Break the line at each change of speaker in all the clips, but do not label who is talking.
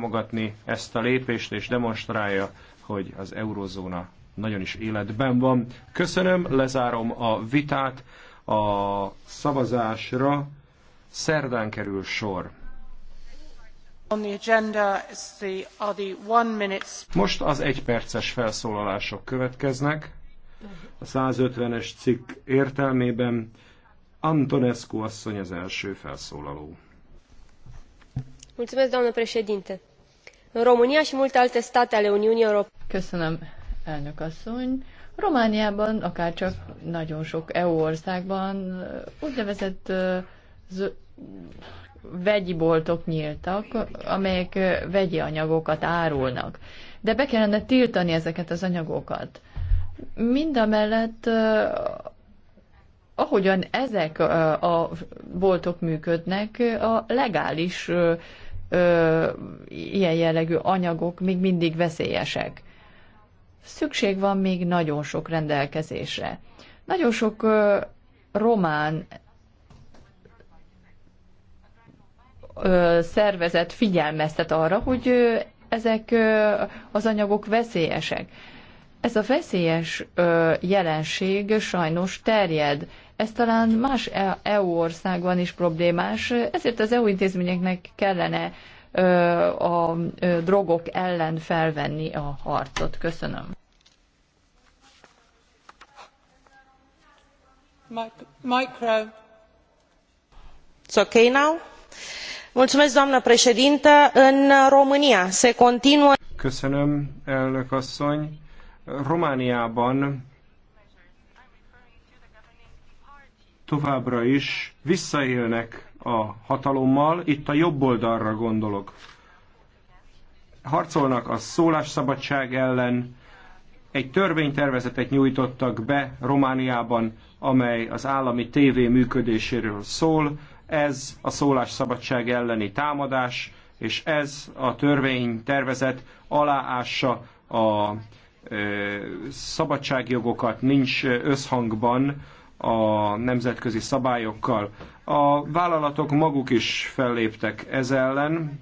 támogatni ezt a lépést, és demonstrálja, hogy az eurozóna nagyon is életben van. Köszönöm, lezárom a vitát. A szavazásra szerdán kerül sor. Most az egyperces felszólalások következnek. A 150-es cikk értelmében Antonescu asszony az első felszólaló.
Mulțumesc, doamnă președinte România és multe alte state ale Uniunii Europene.
Köszönöm, elnök asszony. Romániában, csak nagyon sok EU országban úgynevezett vegyi boltok nyíltak, amelyek vegyi anyagokat árulnak. De be kellene tiltani ezeket az anyagokat. Mind a mellett, ahogyan ezek a boltok működnek, a legális ö, ilyen jellegű anyagok még mindig veszélyesek. Szükség van még nagyon sok rendelkezésre. Nagyon sok ö, román ö, szervezet figyelmeztet arra, hogy ö, ezek ö, az anyagok veszélyesek. Ez a veszélyes ö, jelenség sajnos terjed ez talán más EU e országban is problémás, ezért az EU intézményeknek kellene a drogok ellen felvenni a harcot. Köszönöm.
Micro.
It's okay now. Mulțumesc, doamnă președintă. În
România
se continuă... Köszönöm, elnök asszony. Romániában továbbra is visszaélnek a hatalommal, itt a jobb oldalra gondolok. Harcolnak a szólásszabadság ellen, egy törvénytervezetet nyújtottak be Romániában, amely az állami tévé működéséről szól. Ez a szólásszabadság elleni támadás, és ez a törvénytervezet aláássa a szabadságjogokat, nincs összhangban a nemzetközi szabályokkal. A vállalatok maguk is felléptek ez ellen.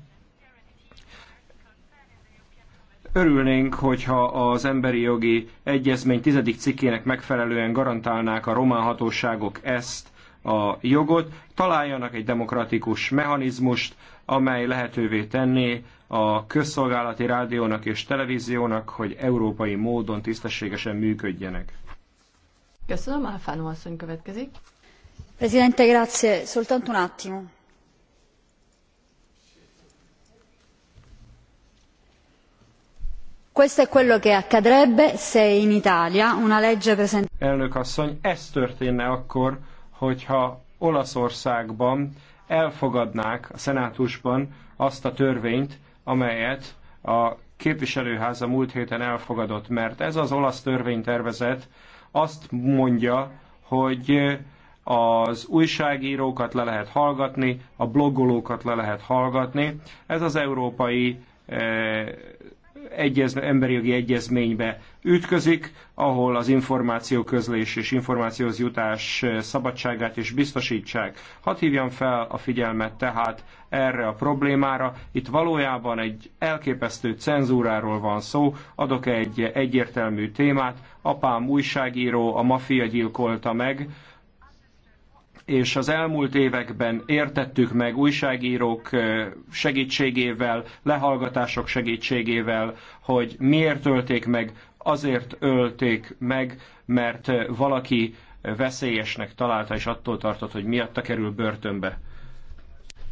Örülnénk, hogyha az emberi jogi egyezmény tizedik cikkének megfelelően garantálnák a román hatóságok ezt a jogot, találjanak egy demokratikus mechanizmust, amely lehetővé tenné a közszolgálati rádiónak és televíziónak, hogy európai módon tisztességesen működjenek.
Köszönöm, Alfánó asszony következik. Presidente, grazie. Soltanto un attimo.
Questo è quello che accadrebbe se in Italia una legge
Elnök asszony, ez történne akkor, hogyha Olaszországban elfogadnák a szenátusban azt a törvényt, amelyet a képviselőháza múlt héten elfogadott, mert ez az olasz törvénytervezet azt mondja, hogy az újságírókat le lehet hallgatni, a blogolókat le lehet hallgatni. Ez az európai egyezme, emberi jogi egyezménybe ütközik, ahol az információközlés és információhoz jutás eh, szabadságát is biztosítsák. Hadd hívjam fel a figyelmet tehát erre a problémára. Itt valójában egy elképesztő cenzúráról van szó. Adok egy egyértelmű témát. Apám újságíró, a mafia gyilkolta meg, és az elmúlt években értettük meg újságírók segítségével, lehallgatások segítségével, hogy miért ölték meg, azért ölték meg, mert valaki veszélyesnek találta, és attól tartott, hogy miatta kerül börtönbe.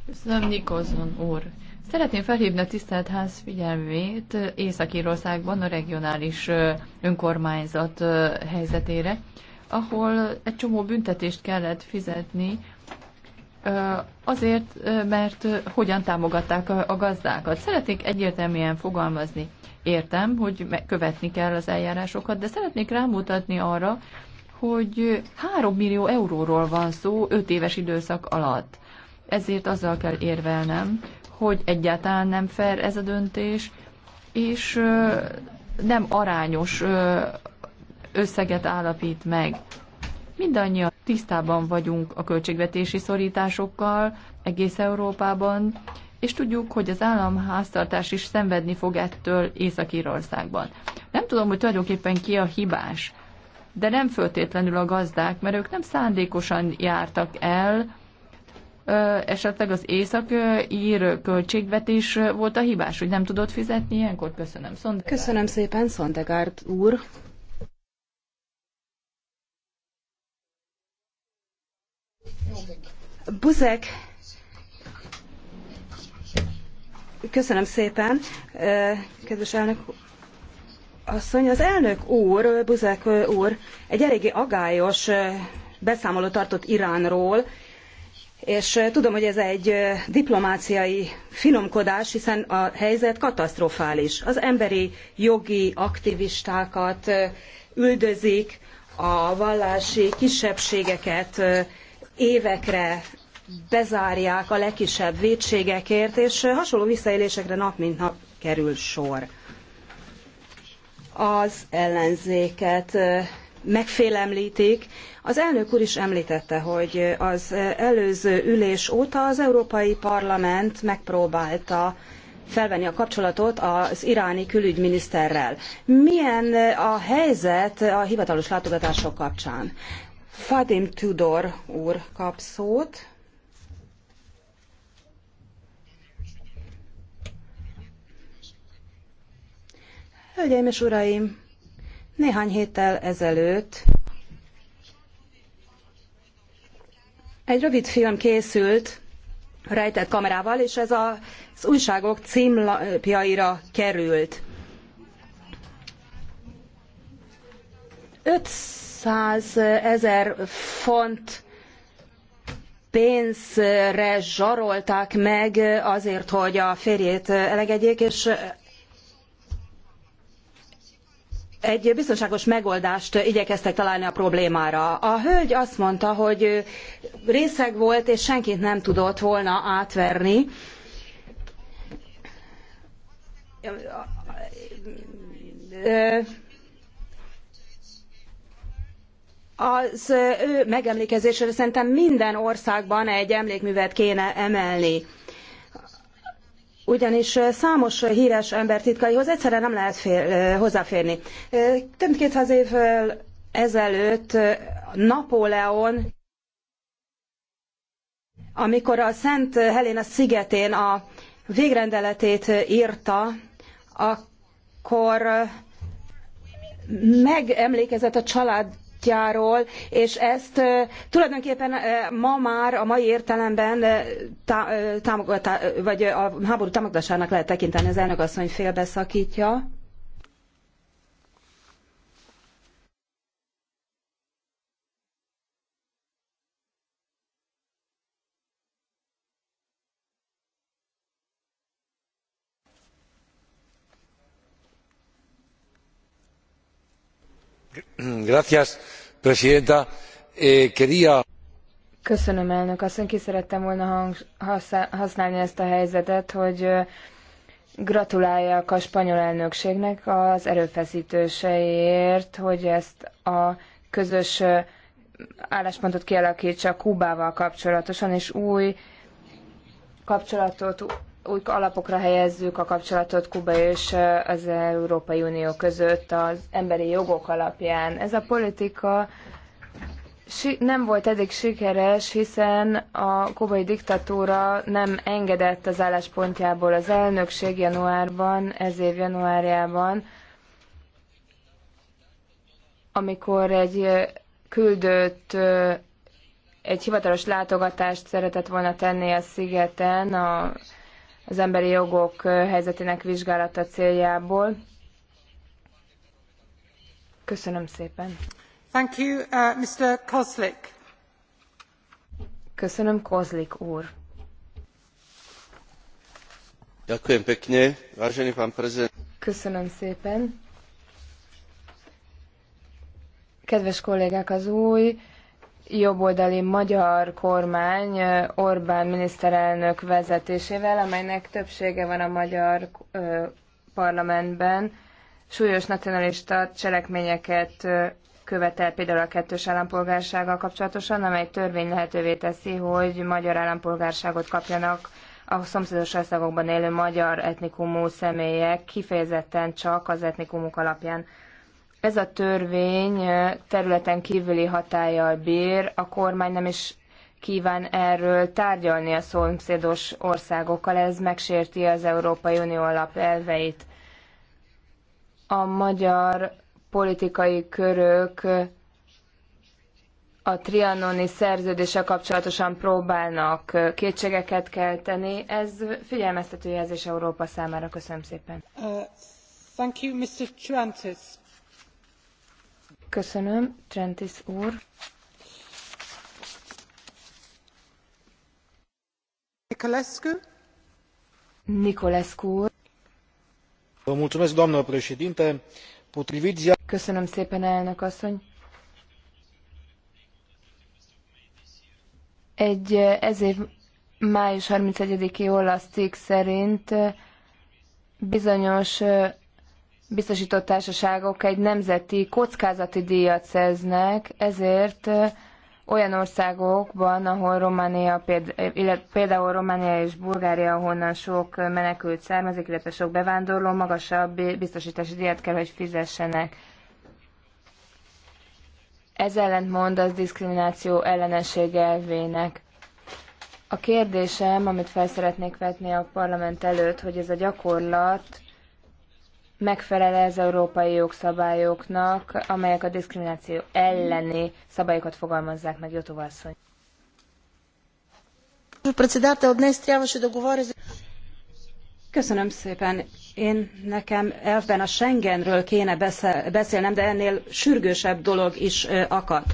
Köszönöm, Nikolson úr. Szeretném felhívni a tisztelt ház figyelmét Észak-Írországban a regionális önkormányzat helyzetére ahol egy csomó büntetést kellett fizetni, azért, mert hogyan támogatták a gazdákat. Szeretnék egyértelműen fogalmazni. Értem, hogy követni kell az eljárásokat, de szeretnék rámutatni arra, hogy 3 millió euróról van szó 5 éves időszak alatt. Ezért azzal kell érvelnem, hogy egyáltalán nem fair ez a döntés, és nem arányos összeget állapít meg. Mindannyian tisztában vagyunk a költségvetési szorításokkal egész Európában, és tudjuk, hogy az államháztartás is szenvedni fog ettől Észak-Írországban. Nem tudom, hogy tulajdonképpen ki a hibás, de nem föltétlenül a gazdák, mert ők nem szándékosan jártak el, esetleg az észak-ír költségvetés volt a hibás, hogy nem
tudott fizetni ilyenkor? Köszönöm, Szondegárd. Köszönöm szépen, Szondegárd úr. Buzek, köszönöm szépen, kedves elnök asszony, az elnök úr, Buzek úr egy eléggé agályos beszámolót tartott Iránról, és tudom, hogy ez egy diplomáciai finomkodás, hiszen a helyzet katasztrofális. Az emberi jogi aktivistákat üldözik, a vallási kisebbségeket évekre bezárják a legkisebb vétségekért, és hasonló visszaélésekre nap mint nap kerül sor. Az ellenzéket megfélemlítik. Az elnök úr is említette, hogy az előző ülés óta az Európai Parlament megpróbálta felvenni a kapcsolatot az iráni külügyminiszterrel. Milyen a helyzet a hivatalos látogatások kapcsán? Fadim Tudor úr kap szót. Hölgyeim és uraim, néhány héttel ezelőtt egy rövid film készült rejtett kamerával, és ez az újságok címlapjaira került. Öt. 100 ezer font pénzre zsarolták meg azért, hogy a férjét elegedjék, és egy biztonságos megoldást igyekeztek találni a problémára. A hölgy azt mondta, hogy részeg volt, és senkit nem tudott volna átverni. Ö, az ő megemlékezésére szerintem minden országban egy emlékművet kéne emelni. Ugyanis számos híres ember titkaihoz egyszerre nem lehet hozzáférni. Több mint 200 évvel ezelőtt Napóleon, amikor a Szent Helena szigetén a végrendeletét írta, akkor megemlékezett a család útjáról, és ezt tulajdonképpen ma már a mai értelemben támogatá, vagy a háború támogatásának lehet tekinteni. Az elnök asszony félbeszakítja.
gracias presidenta eh, quería.
köszönöm elnök asszony ki szerettem volna használni ezt a helyzetet hogy gratuláljak a spanyol elnökségnek az erőfesztéseiért hogy ezt a közös álláspontot kialakítsa Kubával kapcsolatosan, és új kapcsolatot, új alapokra helyezzük a kapcsolatot Kuba és az Európai Unió között az emberi jogok alapján. Ez a politika nem volt eddig sikeres, hiszen a kubai diktatúra nem engedett az álláspontjából az elnökség januárban, ez év januárjában, amikor egy küldött egy hivatalos látogatást szeretett volna tenni a szigeten, a az emberi jogok helyzetének vizsgálata céljából. Köszönöm szépen.
Thank you, uh, Mr. Kozlik. Köszönöm, Kozlik úr.
Ďakujem pekne, vážený pán prezident.
Köszönöm szépen. Kedves kollégák, az új jobboldali magyar kormány Orbán miniszterelnök vezetésével, amelynek többsége van a magyar parlamentben, súlyos nacionalista cselekményeket követel például a kettős állampolgársággal kapcsolatosan, amely törvény lehetővé teszi, hogy magyar állampolgárságot kapjanak a szomszédos országokban élő magyar etnikumú személyek kifejezetten csak az etnikumuk alapján ez a törvény területen kívüli hatállyal bír, a kormány nem is kíván erről tárgyalni a szomszédos országokkal, ez megsérti az Európai Unió alapelveit. A magyar politikai körök a trianoni szerződése kapcsolatosan próbálnak kétségeket kelteni. Ez figyelmeztető jelzés Európa számára. Köszönöm szépen.
Uh, thank you, Mr. Trantis.
Köszönöm, Trentis úr. Nicolescu? Nicolescu úr.
Vă mulțumesc, doamnă președinte. Potrivit ziar...
Köszönöm szépen, elnök asszony. Egy eh, ez év május 31-i olasz cikk szerint eh, bizonyos eh, biztosított társaságok egy nemzeti kockázati díjat szerznek, ezért olyan országokban, ahol Románia, például Románia és Bulgária, ahonnan sok menekült származik, illetve sok bevándorló, magasabb biztosítási díjat kell, hogy fizessenek. Ez ellentmond az diszkrimináció ellenesség elvének. A kérdésem, amit fel szeretnék vetni a parlament előtt, hogy ez a gyakorlat megfelel ez európai jogszabályoknak, amelyek a diszkrimináció elleni szabályokat fogalmazzák meg, Jotova asszony.
Köszönöm szépen. Én nekem elvben a Schengenről kéne beszélnem, de ennél sürgősebb dolog is akadt.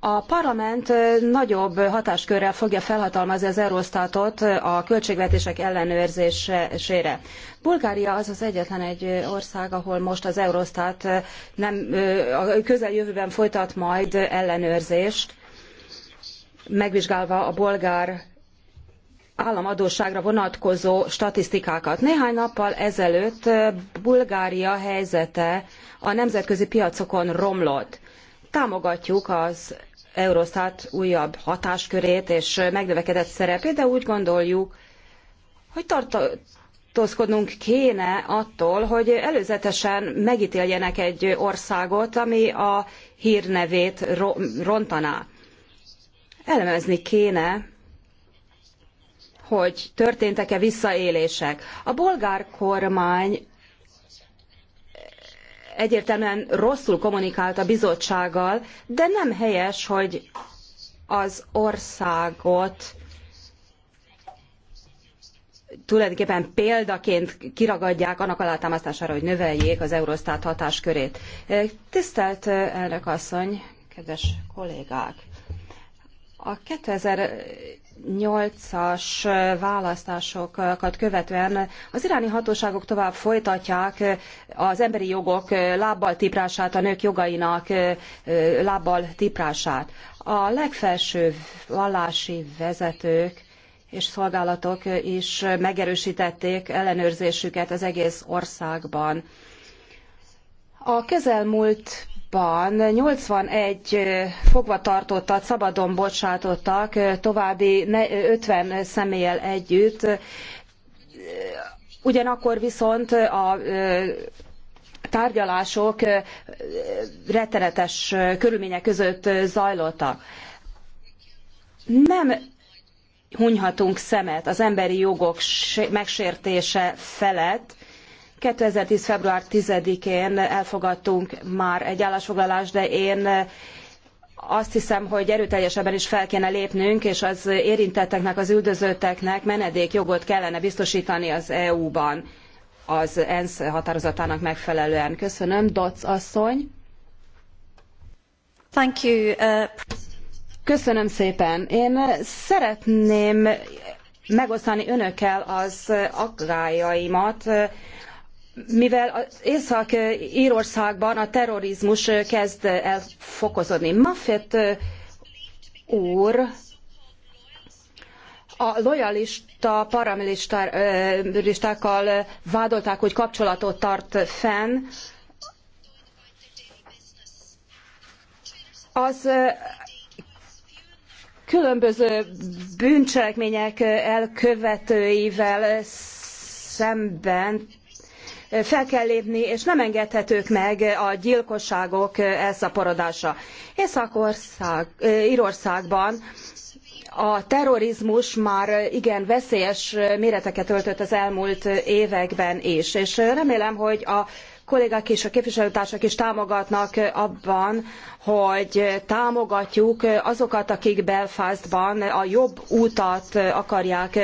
A parlament nagyobb hatáskörrel fogja felhatalmazni az Eurostatot a költségvetések ellenőrzésére. Bulgária az az egyetlen egy ország, ahol most az Eurostat nem, a közeljövőben folytat majd ellenőrzést, megvizsgálva a bolgár államadósságra vonatkozó statisztikákat. Néhány nappal ezelőtt Bulgária helyzete a nemzetközi piacokon romlott támogatjuk az Eurostat újabb hatáskörét és megnövekedett szerepét, de úgy gondoljuk, hogy tartózkodnunk kéne attól, hogy előzetesen megítéljenek egy országot, ami a hírnevét rontaná. Elemezni kéne, hogy történtek-e visszaélések. A bolgár kormány egyértelműen rosszul kommunikált a bizottsággal, de nem helyes, hogy az országot tulajdonképpen példaként kiragadják annak alátámasztására, hogy növeljék az Eurostat hatáskörét. Tisztelt elnök asszony, kedves kollégák! A 2000 2008-as választásokat követően az iráni hatóságok tovább folytatják az emberi jogok lábbal tiprását, a nők jogainak lábbal tiprását. A legfelső vallási vezetők és szolgálatok is megerősítették ellenőrzésüket az egész országban. A közelmúlt 2006 81 fogvatartottat szabadon bocsátottak, további 50 személlyel együtt. Ugyanakkor viszont a tárgyalások rettenetes körülmények között zajlottak. Nem hunyhatunk szemet az emberi jogok megsértése felett, 2010. február 10-én elfogadtunk már egy állásfoglalást, de én azt hiszem, hogy erőteljesebben is fel kéne lépnünk, és az érintetteknek, az üldözötteknek menedékjogot kellene biztosítani az EU-ban az ENSZ határozatának megfelelően. Köszönöm, Dotz asszony. Thank you. Uh, Köszönöm szépen. Én szeretném megosztani önökkel az aggájaimat mivel az Észak-Írországban a terrorizmus kezd el fokozódni. Maffett úr a lojalista paramilitákkal vádolták, hogy kapcsolatot tart fenn. Az különböző bűncselekmények elkövetőivel szemben fel kell lépni, és nem engedhetők meg a gyilkosságok elszaporodása. Észak-ország, eh, Írországban a terrorizmus már igen veszélyes méreteket öltött az elmúlt években is, és remélem, hogy a kollégák és a képviselőtársak is támogatnak abban, hogy támogatjuk azokat, akik Belfastban a jobb útat akarják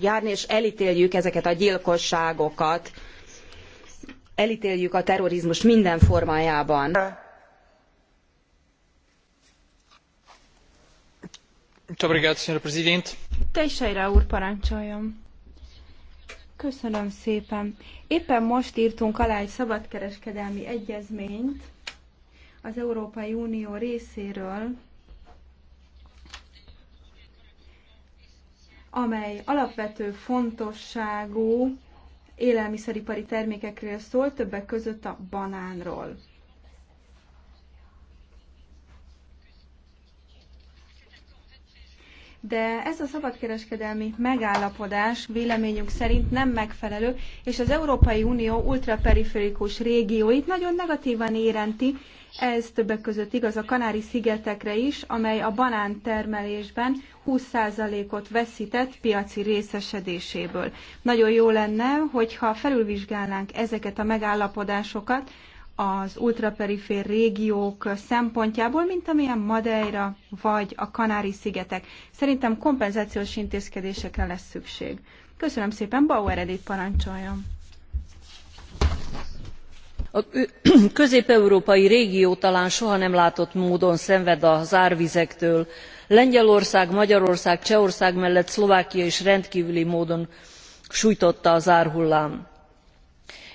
járni, és elítéljük ezeket a gyilkosságokat elítéljük a terrorizmus minden formájában.
Teixeira úr, parancsoljon! Köszönöm szépen. Éppen most írtunk alá egy szabadkereskedelmi egyezményt az Európai Unió részéről, amely alapvető fontosságú élelmiszeripari termékekről szól, többek között a banánról. de ez a szabadkereskedelmi megállapodás véleményünk szerint nem megfelelő, és az Európai Unió ultraperiférikus régióit nagyon negatívan érinti. Ez többek között igaz a Kanári-szigetekre is, amely a banántermelésben 20%-ot veszített piaci részesedéséből. Nagyon jó lenne, hogyha felülvizsgálnánk ezeket a megállapodásokat, az ultraperifér régiók szempontjából, mint amilyen Madeira vagy a Kanári-szigetek. Szerintem kompenzációs intézkedésekre lesz szükség. Köszönöm szépen, Bauer Edith parancsoljon.
A közép európai régió talán soha nem látott módon szenved az árvizektől. lengyelország magyarország csehország mellett szlovákia is rendkívüli módon sújtotta az árhullám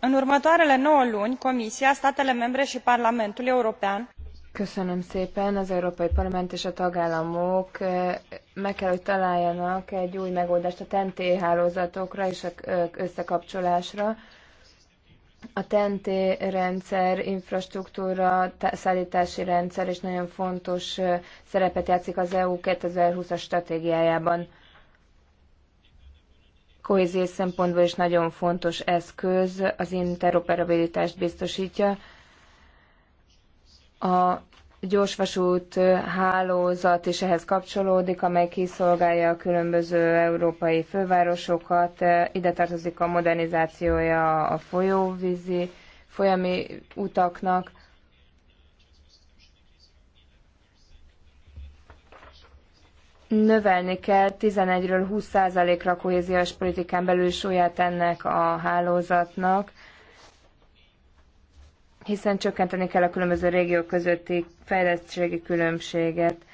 în următoarele nouă luni comisia statele membre i parlamentul european
Köszönöm szépen, az Európai Parlament és a tagállamok eh, meg kell, hogy találjanak egy új megoldást a TNT hálózatokra és a eh, összekapcsolásra. A TNT rendszer, infrastruktúra, szállítási rendszer is nagyon fontos eh, szerepet játszik az EU 2020-as stratégiájában kohéziós szempontból is nagyon fontos eszköz, az interoperabilitást biztosítja. A gyorsvasút hálózat is ehhez kapcsolódik, amely kiszolgálja a különböző európai fővárosokat. Ide tartozik a modernizációja a folyóvízi folyami utaknak, növelni kell 11-ről 20%-ra kohéziós politikán belül súlyát ennek a hálózatnak, hiszen csökkenteni kell a különböző régiók közötti fejlettségi különbséget.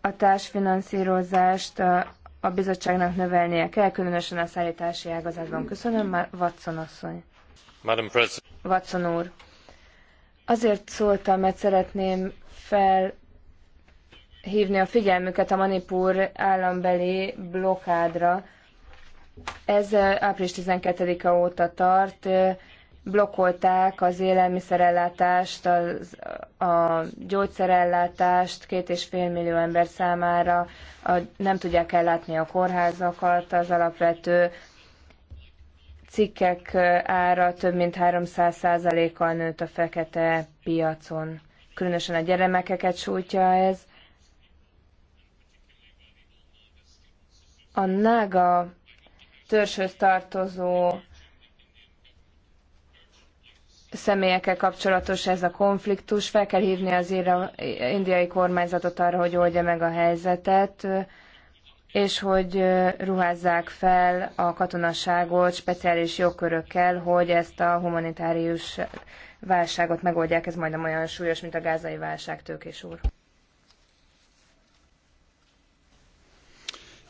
A társfinanszírozást a bizottságnak növelnie kell, különösen a szállítási ágazatban. Köszönöm, Watson asszony. Madam President. Watson úr. Azért szóltam, mert szeretném fel hívni a figyelmüket a Manipur állambeli blokádra. Ez április 12 a óta tart. Blokkolták az élelmiszerellátást, az, a gyógyszerellátást két és fél millió ember számára. A, nem tudják ellátni a kórházakat, az alapvető cikkek ára több mint 300%-kal nőtt a fekete piacon. Különösen a gyermekeket sújtja ez a nága törzshöz tartozó személyekkel kapcsolatos ez a konfliktus. Fel kell hívni az indiai kormányzatot arra, hogy oldja meg a helyzetet, és hogy ruházzák fel a katonaságot speciális jogkörökkel, hogy ezt a humanitárius válságot megoldják. Ez majdnem olyan súlyos, mint a gázai válság, tőkés úr.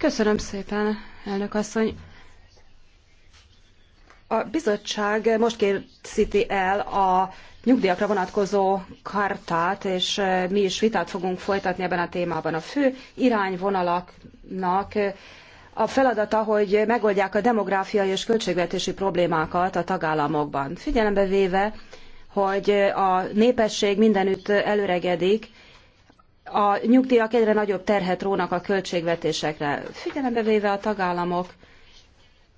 Köszönöm szépen, elnök asszony. A bizottság most készíti el a nyugdíjakra vonatkozó kartát, és mi is vitát fogunk folytatni ebben a témában. A fő irányvonalaknak a feladata, hogy megoldják a demográfiai és költségvetési problémákat a tagállamokban. Figyelembe véve, hogy a népesség mindenütt előregedik, a nyugdíjak egyre nagyobb terhet rónak a költségvetésekre, figyelembe véve a tagállamok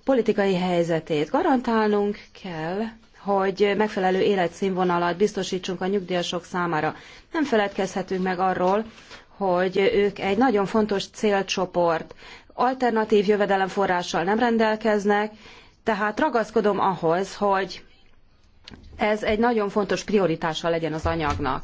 politikai helyzetét. Garantálnunk kell, hogy megfelelő életszínvonalat biztosítsunk a nyugdíjasok számára. Nem feledkezhetünk meg arról, hogy ők egy nagyon fontos célcsoport, alternatív jövedelemforrással nem rendelkeznek, tehát ragaszkodom ahhoz, hogy ez egy nagyon fontos prioritása legyen az anyagnak.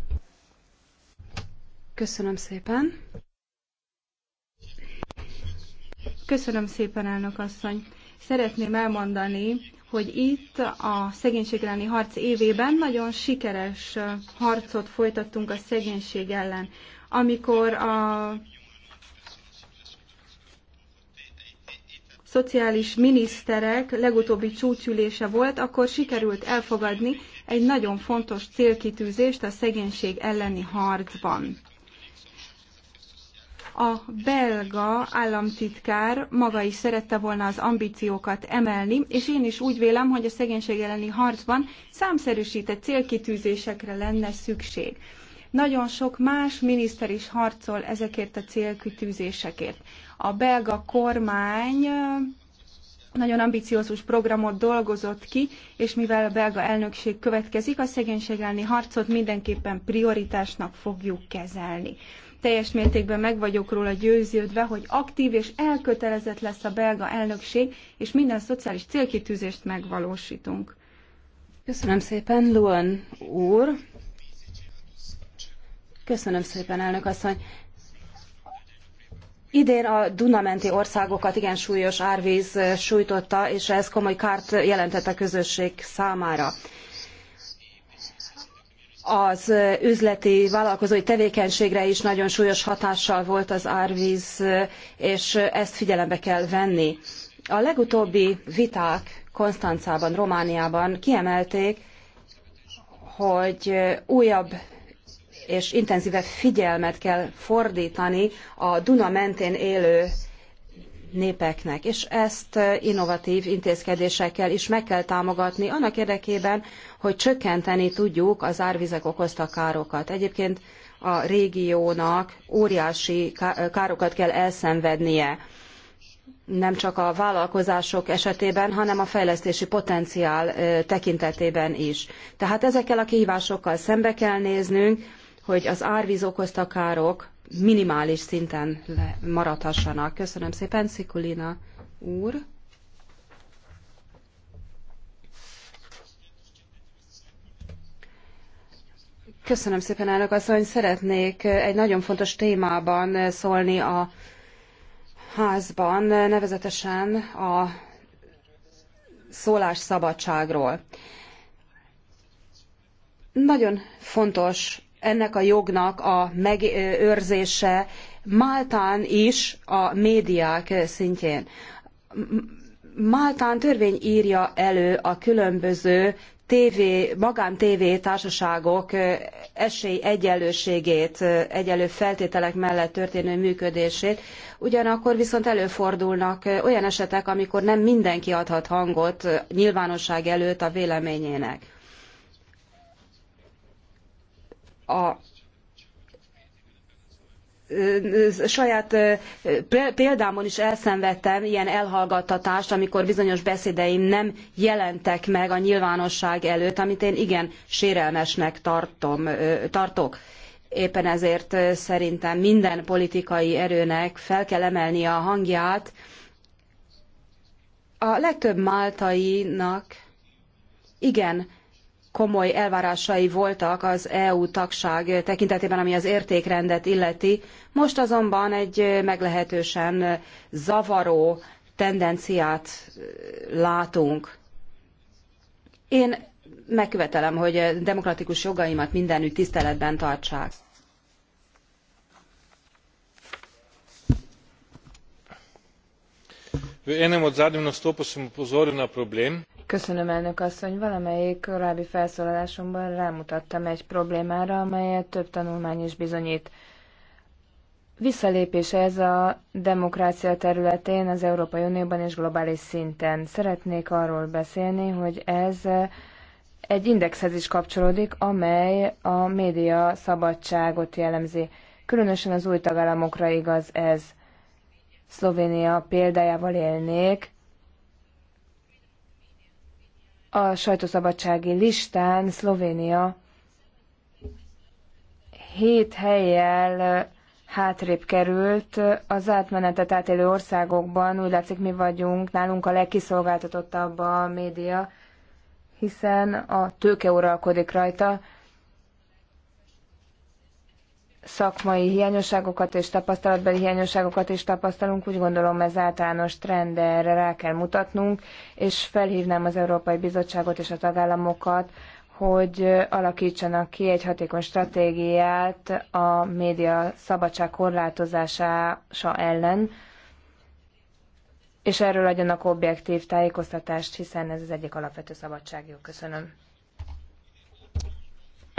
Köszönöm szépen.
Köszönöm szépen, elnök asszony. Szeretném elmondani, hogy itt a szegénység elleni harc évében nagyon sikeres harcot folytattunk a szegénység ellen. Amikor a szociális miniszterek legutóbbi csúcsülése volt, akkor sikerült elfogadni egy nagyon fontos célkitűzést a szegénység elleni harcban. A belga államtitkár maga is szerette volna az ambíciókat emelni, és én is úgy vélem, hogy a szegénység elleni harcban számszerűsített célkitűzésekre lenne szükség. Nagyon sok más miniszter is harcol ezekért a célkitűzésekért. A belga kormány nagyon ambiciózus programot dolgozott ki, és mivel a belga elnökség következik, a szegénység elleni harcot mindenképpen prioritásnak fogjuk kezelni. Teljes mértékben meg vagyok róla győződve, hogy aktív és elkötelezett lesz a belga elnökség, és minden szociális célkitűzést megvalósítunk.
Köszönöm szépen, Luan úr. Köszönöm szépen, elnök asszony. Idén a Dunamenti országokat igen súlyos árvíz sújtotta, és ez komoly kárt jelentett a közösség számára az üzleti vállalkozói tevékenységre is nagyon súlyos hatással volt az árvíz, és ezt figyelembe kell venni. A legutóbbi viták Konstancában, Romániában kiemelték, hogy újabb és intenzívebb figyelmet kell fordítani a Duna mentén élő népeknek, és ezt innovatív intézkedésekkel is meg kell támogatni annak érdekében, hogy csökkenteni tudjuk az árvizek okozta károkat. Egyébként a régiónak óriási károkat kell elszenvednie nem csak a vállalkozások esetében, hanem a fejlesztési potenciál tekintetében is. Tehát ezekkel a kihívásokkal szembe kell néznünk, hogy az árvíz okozta károk minimális szinten maradhassanak. Köszönöm szépen, Szikulina úr. Köszönöm szépen, elnök asszony. Szeretnék egy nagyon fontos témában szólni a házban, nevezetesen a szólásszabadságról. Nagyon fontos ennek a jognak a megőrzése Máltán is a médiák szintjén. Máltán törvény írja elő a különböző tévé, magán tévé társaságok esélyegyenlőségét, egyenlő feltételek mellett történő működését. Ugyanakkor viszont előfordulnak olyan esetek, amikor nem mindenki adhat hangot nyilvánosság előtt a véleményének. A saját példámon is elszenvedtem ilyen elhallgattatást, amikor bizonyos beszédeim nem jelentek meg a nyilvánosság előtt, amit én igen sérelmesnek tartom, tartok. Éppen ezért szerintem minden politikai erőnek fel kell emelnie a hangját. A legtöbb máltainak igen, komoly elvárásai voltak az EU tagság tekintetében, ami az értékrendet illeti. Most azonban egy meglehetősen zavaró tendenciát látunk. Én megkövetelem, hogy demokratikus jogaimat mindenütt tiszteletben tartsák.
v enem od zadnjih nastopov sem opozoril na problem.
Köszönöm, elnök asszony. Valamelyik korábbi felszólalásomban rámutattam egy problémára, amelyet több tanulmány is bizonyít. Visszalépés ez a demokrácia területén, az Európai Unióban és globális szinten. Szeretnék arról beszélni, hogy ez egy indexhez is kapcsolódik, amely a média szabadságot jellemzi. Különösen az új tagállamokra igaz ez. Szlovénia példájával élnék, a sajtószabadsági listán Szlovénia hét helyjel hátrébb került. Az átmenetet átélő országokban úgy látszik mi vagyunk, nálunk a legkiszolgáltatottabb a média, hiszen a tőke uralkodik rajta szakmai hiányosságokat és tapasztalatbeli hiányosságokat is tapasztalunk, úgy gondolom ez általános trend, de erre rá kell mutatnunk, és felhívnám az Európai Bizottságot és a tagállamokat, hogy alakítsanak ki egy hatékony stratégiát a média szabadság korlátozása ellen, és erről adjanak objektív tájékoztatást, hiszen ez az egyik alapvető szabadságjog. Köszönöm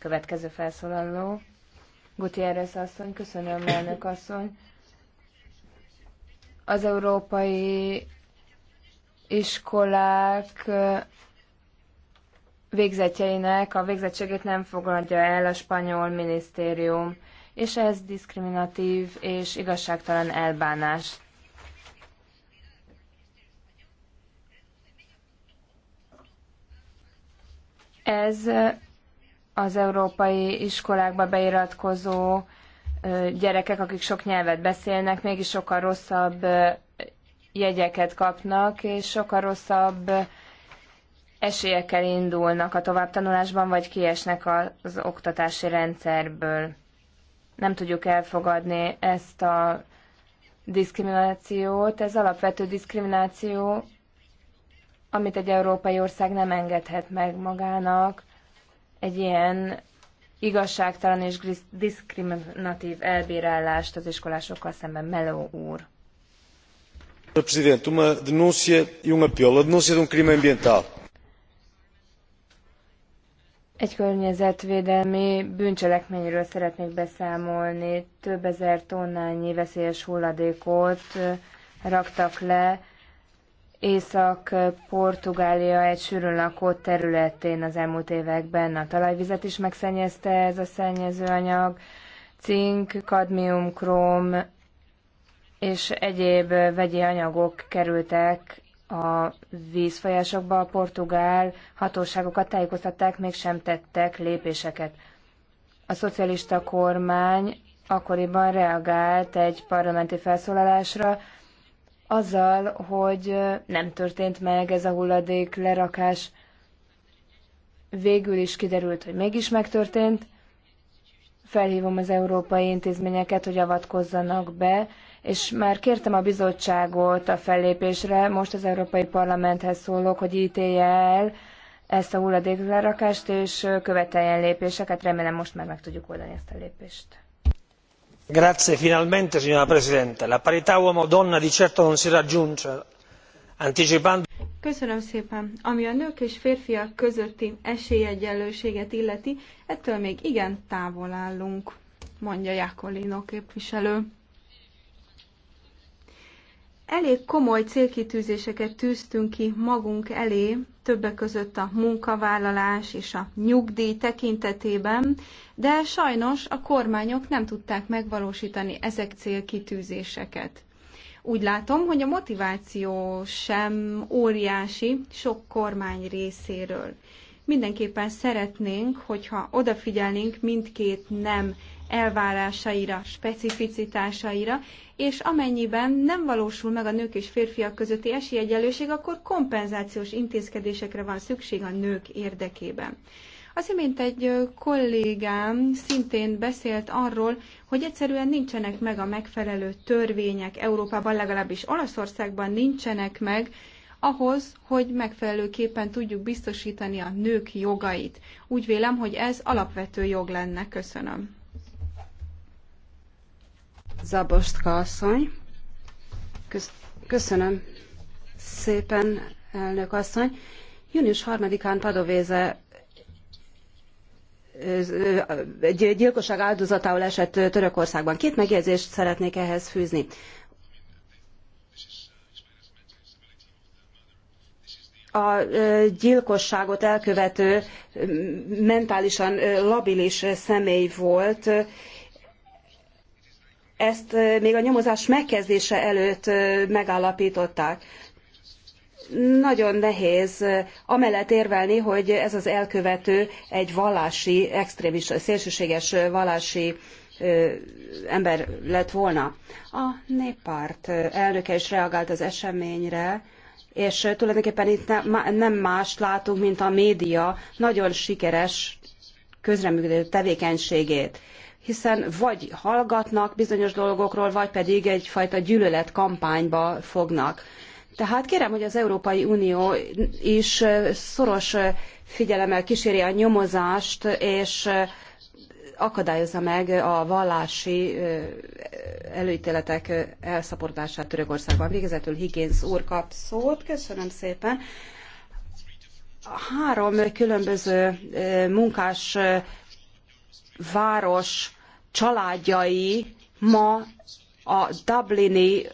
Következő felszólaló. Gutiérrez asszony, köszönöm, elnök asszony. Az európai iskolák végzetjeinek a végzettségét nem fogadja el a spanyol minisztérium, és ez diszkriminatív és igazságtalan elbánás. Ez az európai iskolákba beiratkozó gyerekek, akik sok nyelvet beszélnek, mégis sokkal rosszabb jegyeket kapnak, és sokkal rosszabb esélyekkel indulnak a továbbtanulásban, vagy kiesnek az oktatási rendszerből. Nem tudjuk elfogadni ezt a diszkriminációt. Ez alapvető diszkrimináció, amit egy európai ország nem engedhet meg magának egy ilyen igazságtalan és diszkriminatív elbírálást az iskolásokkal szemben Meló úr.
Sr. Presidente, uma denúncia e um apelo. A denúncia de um crime ambiental.
Egy környezetvédelmi bűncselekményről szeretnék beszámolni. Több ezer tonnányi veszélyes hulladékot raktak le Észak-Portugália egy sűrűn lakott területén az elmúlt években a talajvizet is megszennyezte ez a szennyezőanyag, cink, kadmium, króm és egyéb vegyi anyagok kerültek a vízfolyásokba, a portugál hatóságokat tájékoztatták, mégsem tettek lépéseket. A szocialista kormány akkoriban reagált egy parlamenti felszólalásra, azzal, hogy nem történt meg ez a hulladék lerakás. Végül is kiderült, hogy mégis megtörtént. Felhívom az európai intézményeket, hogy avatkozzanak be, és már kértem a bizottságot a fellépésre, most az Európai Parlamenthez szólok, hogy ítélje el ezt a lerakást, és követeljen lépéseket. Remélem most már meg tudjuk oldani ezt a lépést
finalmente signora presidente la parità uomo donna di certo non si raggiunge anticipando.
ami a nők és férfiak közötti esélyegyenlőséget illeti ettől még igen távol állunk mondja iacolino képviselő. Elég komoly célkitűzéseket tűztünk ki magunk elé, többek között a munkavállalás és a nyugdíj tekintetében, de sajnos a kormányok nem tudták megvalósítani ezek célkitűzéseket. Úgy látom, hogy a motiváció sem óriási sok kormány részéről. Mindenképpen szeretnénk, hogyha odafigyelnénk mindkét nem elvárásaira, specificitásaira, és amennyiben nem valósul meg a nők és férfiak közötti esélyegyenlőség, akkor kompenzációs intézkedésekre van szükség a nők érdekében. Az imént egy kollégám szintén beszélt arról, hogy egyszerűen nincsenek meg a megfelelő törvények Európában, legalábbis Olaszországban nincsenek meg, ahhoz, hogy megfelelőképpen tudjuk biztosítani a nők jogait. Úgy vélem, hogy ez alapvető jog lenne. Köszönöm.
Zabostka asszony. Köszönöm szépen, elnök asszony. Június 3-án Padovéze egy gyilkosság áldozatául esett Törökországban. Két megjegyzést szeretnék ehhez fűzni. A gyilkosságot elkövető mentálisan labilis személy volt, ezt még a nyomozás megkezdése előtt megállapították. Nagyon nehéz amellett érvelni, hogy ez az elkövető egy vallási, extrémista, szélsőséges vallási ember lett volna. A néppárt elnöke is reagált az eseményre, és tulajdonképpen itt nem mást látunk, mint a média nagyon sikeres közreműködő tevékenységét hiszen vagy hallgatnak bizonyos dolgokról, vagy pedig egyfajta gyűlöletkampányba fognak. Tehát kérem, hogy az Európai Unió is szoros figyelemmel kíséri a nyomozást, és akadályozza meg a vallási előítéletek elszaporodását Törökországban. Végezetül Higgins úr kap szót. Köszönöm szépen. Három különböző munkás város családjai ma a Dublini eh,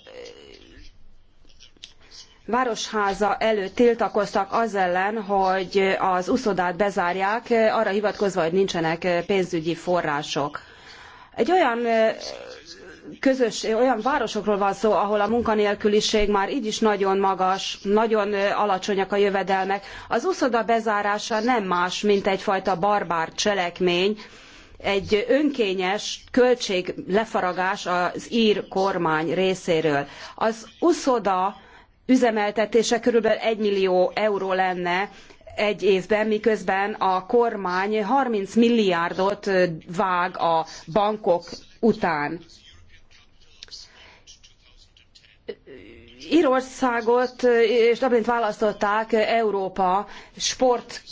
városháza előtt tiltakoztak az ellen, hogy az uszodát bezárják, eh, arra hivatkozva, hogy nincsenek eh, pénzügyi források. Egy olyan közös, olyan városokról van szó, ahol a munkanélküliség már így is nagyon magas, nagyon alacsonyak a jövedelmek. Az uszoda bezárása nem más, mint egyfajta barbár cselekmény, egy önkényes költséglefaragás az ír kormány részéről. Az uszoda üzemeltetése körülbelül 1 millió euró lenne egy évben, miközben a kormány 30 milliárdot vág a bankok után. Írországot és Dublint választották Európa sport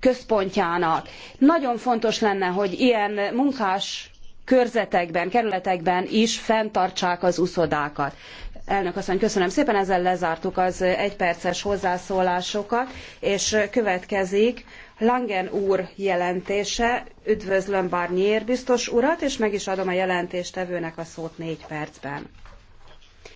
központjának. Nagyon fontos lenne, hogy ilyen munkás körzetekben, kerületekben is fenntartsák az uszodákat. Elnök asszony, köszönöm szépen, ezzel lezártuk az egyperces hozzászólásokat, és következik Langen úr jelentése. Üdvözlöm Barnier biztos urat, és meg is adom a jelentéstevőnek a szót négy percben.